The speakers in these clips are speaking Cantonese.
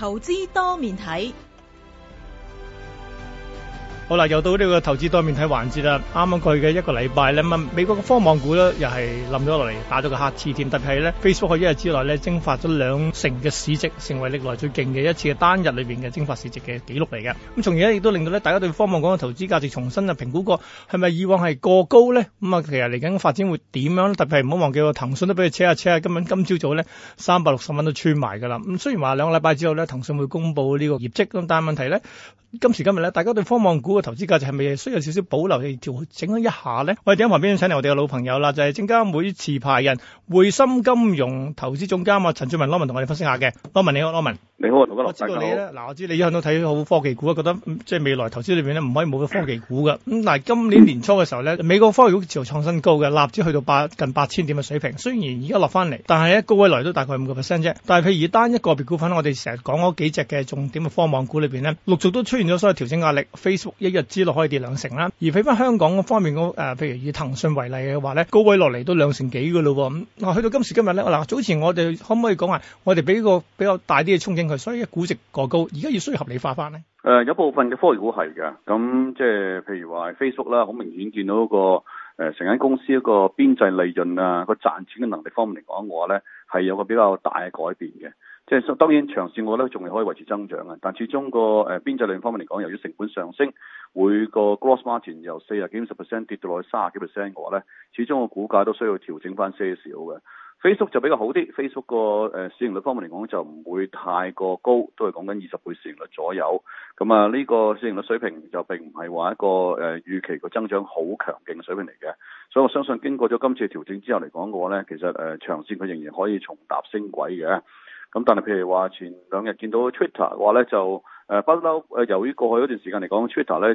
投資多面睇。好啦，又到呢個投資多面睇環節啦。啱啱過去嘅一個禮拜咧，咁啊，美國嘅科網股咧又係冧咗落嚟，打咗個黑刺點。特別係咧，Facebook 喺一日之內咧蒸發咗兩成嘅市值，成為歷來最勁嘅一次嘅單日裏邊嘅蒸發市值嘅紀錄嚟嘅。咁從而咧，亦都令到咧大家對科網股嘅投資價值重新啊評估過，係咪以往係過高咧？咁啊，其實嚟緊發展會點樣？特別係唔好忘記，個騰訊都俾佢扯下扯下，今日今朝早咧三百六十蚊都穿埋㗎啦。咁雖然話兩個禮拜之後咧，騰訊會公布呢個業績，咁但係問題咧。今時今日咧，大家對科網股嘅投資價值係咪需要少少保留嚟調整一下咧？我哋喺旁邊請嚟我哋嘅老朋友啦，就係證監會持牌人匯心金融投資總監阿陳俊文，Norman 同我哋分析下嘅。Norman 你好，Norman 你好你，大家好。我知道你咧，嗱我知你一向都睇好科技股啊，覺得、嗯、即係未來投資裏邊咧唔可以冇嘅科技股嘅。咁、嗯、但係今年年初嘅時候咧，美國科技股持續創新高嘅，納指去到八近八千點嘅水平。雖然而家落翻嚟，但係咧高位來都大概五個 percent 啫。但係譬如單一個別股份，我哋成日講嗰幾隻嘅重點嘅科網股裏邊咧，陸續都出。變咗，所有調整壓力。Facebook 一日之內可以跌兩成啦。而喺翻香港方面，嗰、呃、誒，譬如以騰訊為例嘅話咧，高位落嚟都兩成幾噶咯。咁、嗯，我、啊、去到今時今日咧，嗱早前我哋可唔可以講話，我哋俾個比較大啲嘅憧憬佢，所以估值過高，而家要需要合理化翻咧？誒、呃，有部分嘅科技股係嘅，咁即係譬如話 Facebook 啦，好明顯見到一個誒，成、呃、間公司一個邊際利潤啊，個賺錢嘅能力方面嚟講嘅話咧，係有個比較大嘅改變嘅。即係當然，長線我覺得仲係可以維持增長嘅，但始終個誒邊際利方面嚟講，由於成本上升，每個 gross margin 由四十幾五十 percent 跌到去三十幾 percent 嘅話咧，始終個股價都需要調整翻些少嘅。Facebook 就比較好啲，Facebook 個誒市盈率方面嚟講就唔會太過高，都係講緊二十倍市盈率左右。咁啊，呢個市盈率水平就並唔係話一個誒預期個增長好強勁嘅水平嚟嘅。所以我相信經過咗今次調整之後嚟講嘅話咧，其實誒長線佢仍然可以重踏升軌嘅。咁但係譬如話，前兩日見到 Twitter 話咧，就誒不嬲誒，由於過去嗰段時間嚟講，Twitter 呢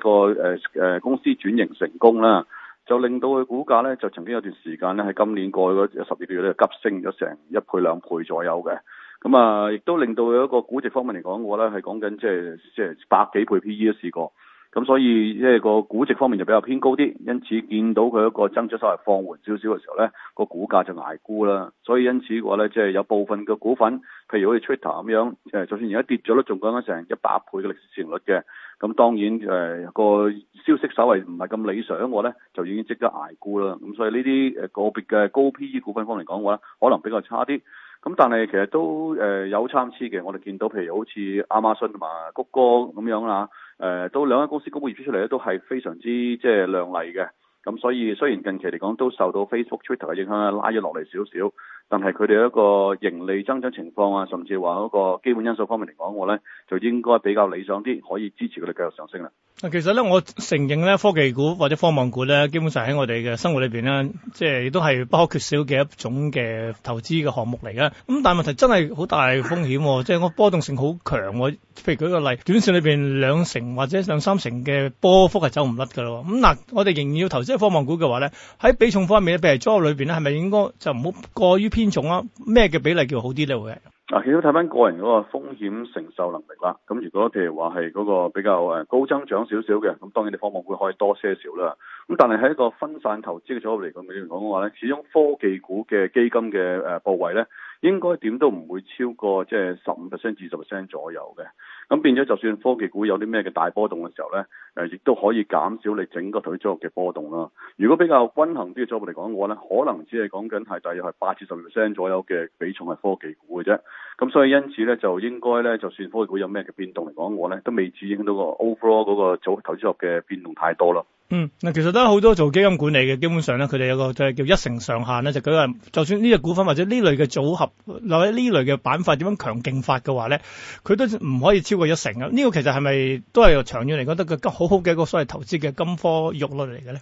個公司轉型成功啦，就令到佢股價咧就曾經有段時間咧喺今年過去嗰十二個月咧急升咗成一倍兩倍左右嘅，咁啊亦都令到佢一個估值方面嚟講嘅話咧係講緊即係即係百幾倍 PE 都試過。咁所以即係個估值方面就比較偏高啲，因此見到佢一個增長稍為放緩少少嘅時候咧，個股價就捱沽啦。所以因此嘅話咧，即係有部分嘅股份，譬如好似 Twitter 咁樣，誒、呃，就算而家跌咗都仲講緊成一百倍嘅歷史市盈率嘅。咁當然、呃個消息稍為唔係咁理想嘅話咧，就已經值得捱沽啦。咁所以呢啲誒個別嘅高 P E 股份方面講嘅話呢，可能比較差啲。咁但係其實都誒有參差嘅，我哋見到譬如好似亞馬遜同埋谷歌咁樣啦，誒都兩間公司公布業績出嚟咧，都係非常之即係亮麗嘅。咁所以雖然近期嚟講都受到 Facebook、Twitter 嘅影響咧，拉咗落嚟少少。但係佢哋一個盈利增長情況啊，甚至話嗰個基本因素方面嚟講，我咧就應該比較理想啲，可以支持佢哋繼續上升啦。啊，其實咧，我承認咧，科技股或者科網股咧，基本上喺我哋嘅生活裏邊咧，即係都係不可缺少嘅一種嘅投資嘅項目嚟嘅。咁但係問題真係好大的風險，啊，即係個波動性好強，啊。譬如舉個例，短線裏邊兩成或者兩三成嘅波幅係走唔甩㗎啦。咁嗱，我哋仍然要投資在科網股嘅話咧，喺比重方面，譬如組合裏邊咧，係咪應該就唔好過於偏重啊，咩嘅比例叫好啲咧？會啊，其實睇翻個人嗰個風險承受能力啦。咁如果譬如話係嗰個比較誒高增長少少嘅，咁當然你科技股可以多些少啦。咁但係喺一個分散投資嘅組合嚟講你嚟講嘅話咧，始終科技股嘅基金嘅誒、呃、部位咧。應該點都唔會超過即係十五 percent 至十 percent 左右嘅，咁變咗就算科技股有啲咩嘅大波動嘅時候咧，誒，亦都可以減少你整個投資組合嘅波動啦。如果比較均衡啲嘅組合嚟講嘅話咧，可能只係講緊係大約係八至十 percent 左右嘅比重係科技股嘅啫。咁所以因此咧就應該咧就算科技股有咩嘅變動嚟講，我咧都未至於影響到個 overall 嗰個投資組投資組合嘅變動太多啦。嗯，嗱，其實都好多做基金管理嘅，基本上咧，佢哋有一個就係叫一成上限咧，就嗰個，就算呢隻股份或者呢類嘅組合，或者呢類嘅板塊點樣強勁法嘅話咧，佢都唔可以超過一成啊！呢、這個其實係咪都係長遠嚟講得個好好嘅一個所謂投資嘅金科玉律嚟嘅咧？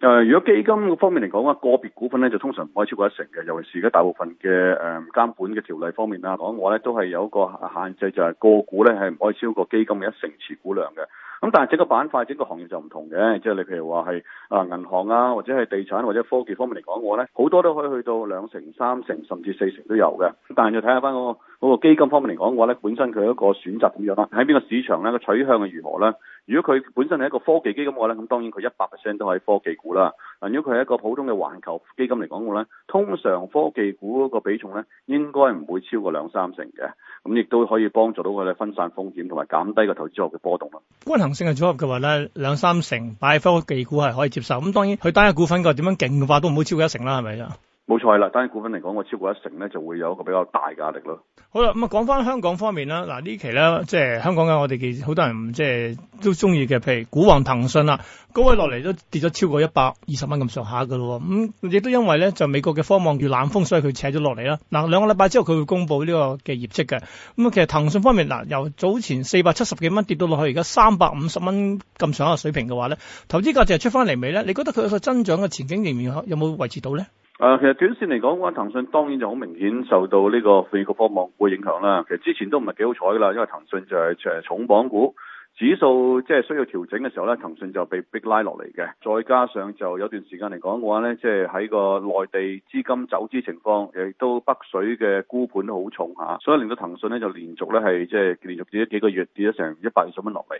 誒、呃，如果基金方面嚟講嘅個別股份咧，就通常唔可以超過一成嘅，尤其是而家大部分嘅誒監管嘅條例方面啦講嘅咧，都係有一個限制，就係個股咧係唔可以超過基金嘅一成持股量嘅。咁但係整個板塊、整個行業就唔同嘅，即係你譬如話係啊銀行啊，或者係地產或者科技方面嚟講嘅話，我咧好多都可以去到兩成、三成甚至四成都有嘅。但係要睇下翻嗰個、嗰個基金方面嚟講嘅話咧，本身佢一個選擇咁樣啦，喺邊個市場咧個取向係如何咧？如果佢本身係一個科技基金嘅話咧，咁當然佢一百 percent 都係科技股啦。嗱，如果佢係一個普通嘅環球基金嚟講嘅話咧，通常科技股個比重咧應該唔會超過兩三成嘅，咁亦都可以幫助到佢咧分散風險同埋減低個投資學嘅波動啦。均衡性嘅組合嘅話咧，兩三成擺喺科技股係可以接受。咁當然佢單一股份個點樣勁嘅話都唔會超過一成啦，係咪啊？冇錯係啦，單係股份嚟講，我超過一成咧，就會有一個比較大嘅壓力咯。好啦，咁啊，講翻香港方面啦。嗱，呢期咧，即係香港嘅，我哋其實好多人即係都中意嘅，譬如股王騰訊啊，高位落嚟都跌咗超過一百二十蚊咁上下嘅咯。咁亦都因為咧，就美國嘅科網遇冷風，所以佢扯咗落嚟啦。嗱，兩個禮拜之後佢會公布呢個嘅業績嘅。咁啊，其實騰訊方面嗱，由早前四百七十幾蚊跌到落去，而家三百五十蚊咁上下水平嘅話咧，投資價值係出翻嚟未咧？你覺得佢嘅增長嘅前景仍然有冇維持到咧？誒、呃，其實短線嚟講嘅話，騰訊當然就好明顯受到呢個美國科技股影響啦。其實之前都唔係幾好彩啦，因為騰訊就係誒重榜股，指數即係需要調整嘅時候咧，騰訊就被逼拉落嚟嘅。再加上就有段時間嚟講嘅話咧，即係喺個內地資金走資情況，亦都北水嘅沽盤都好重嚇，所以令到騰訊咧就連續咧係即係連續跌咗幾個月，跌咗成一百二十蚊落嚟。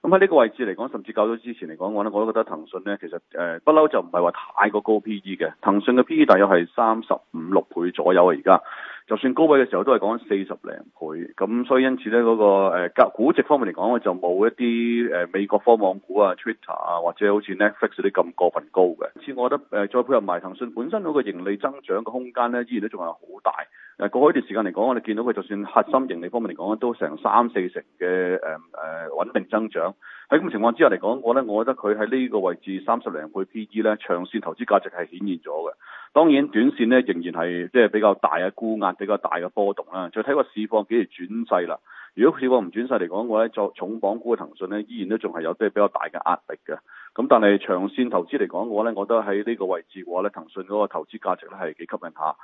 咁喺呢個位置嚟講，甚至較早之前嚟講嘅話咧，我都覺得騰訊咧，其實誒、呃、不嬲就唔係話太過高 P E 嘅，騰訊嘅 P E 大約係三十五六倍左右啊，而家。就算高位嘅時候都係講四十零倍，咁所以因此咧嗰、嗰個誒估、呃、值方面嚟講咧，就冇一啲、呃、美國科網股啊、Twitter 啊或者好似 Netflix 嗰啲咁過分高嘅。似我覺得、呃、再配合埋騰訊本身嗰個盈利增長嘅空間咧，依然都仲係好大。誒、呃、過去一段時間嚟講，我哋見到佢就算核心盈利方面嚟講咧，都成三四成嘅、呃呃、穩定增長。喺咁情況之下嚟講，我咧，我覺得佢喺呢個位置三十零倍 PE 咧，長線投資價值係顯現咗嘅。當然，短線咧仍然係即係比較大嘅沽壓，比較大嘅波動啦。再睇個市況幾時轉勢啦？如果市況唔轉勢嚟講嘅話咧，作重磅股嘅騰訊咧，依然都仲係有即係比較大嘅壓力嘅。咁但係長線投資嚟講嘅話咧，我覺得喺呢個位置嘅話咧，騰訊嗰個投資價值咧係幾吸引下。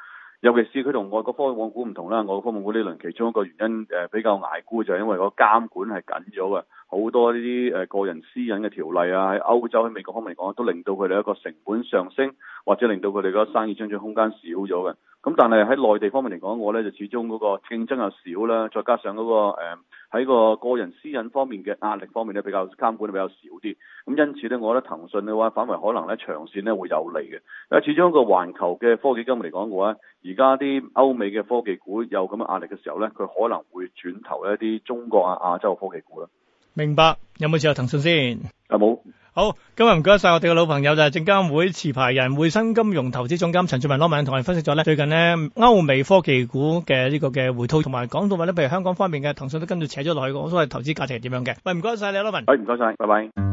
尤其是佢同外國科網股唔同啦，外國科網股呢輪其中一個原因誒比較捱沽，就係、是、因為個監管係緊咗嘅，好多呢啲誒個人私隱嘅條例啊，喺歐洲喺美國方面嚟講，都令到佢哋一個成本上升，或者令到佢哋嗰生意增長，長空間少咗嘅。咁但係喺內地方面嚟講，我咧就始終嗰個競爭又少啦，再加上嗰、嗰個、呃喺個個人私隱方面嘅壓力方面咧，比較監管得比較少啲，咁因此咧，我覺得騰訊嘅話反為可能咧長線咧會有利嘅，因始終個環球嘅科技金融嚟講嘅話，而家啲歐美嘅科技股有咁嘅壓力嘅時候咧，佢可能會轉投一啲中國啊亞洲嘅科技股啦。明白，有冇持有騰訊先？有冇。好，今日唔該晒我哋嘅老朋友就係證監會持牌人匯生金融投資總監陳俊文羅文，同我哋分析咗咧最近咧歐美科技股嘅呢個嘅回吐，同埋講到話咧，譬如香港方面嘅騰訊都跟住扯咗落去，咁所以投資價值係點樣嘅？喂，唔該晒你，羅文。誒，唔該晒，拜拜。